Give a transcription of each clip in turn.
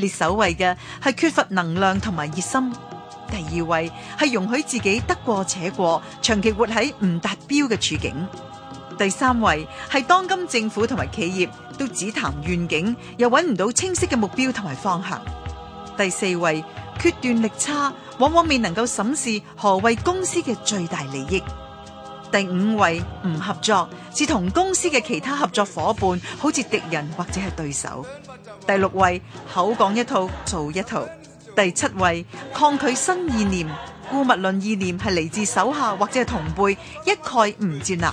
列首位嘅係缺乏能量同埋熱心，第二位係容許自己得過且過，長期活喺唔達標嘅處境，第三位係當今政府同埋企業都只談願景，又揾唔到清晰嘅目標同埋方向，第四位決斷力差，往往未能夠審視何謂公司嘅最大利益。第五位唔合作，是同公司嘅其他合作伙伴好似敵人或者係對手。第六位口講一套做一套。第七位抗拒新意念，姑勿論意念係嚟自手下或者係同輩，一概唔接納。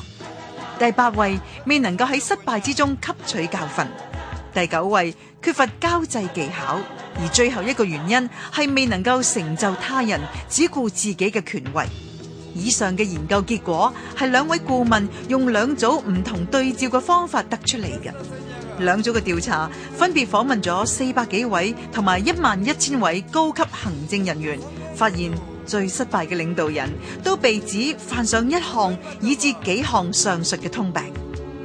第八位未能夠喺失敗之中吸取教訓。第九位缺乏交際技巧，而最後一個原因係未能夠成就他人，只顧自己嘅權威。以上嘅研究結果係兩位顧問用兩組唔同對照嘅方法得出嚟嘅。兩組嘅調查分別訪問咗四百幾位同埋一萬一千位高級行政人員，發現最失敗嘅領導人都被指犯上一項以至幾項上述嘅通病。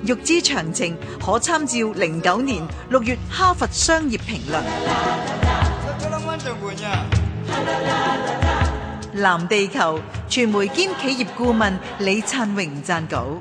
欲知詳情，可參照零九年六月《哈佛商業評論》。藍地球。傳媒兼企業顧問李燦榮撰稿。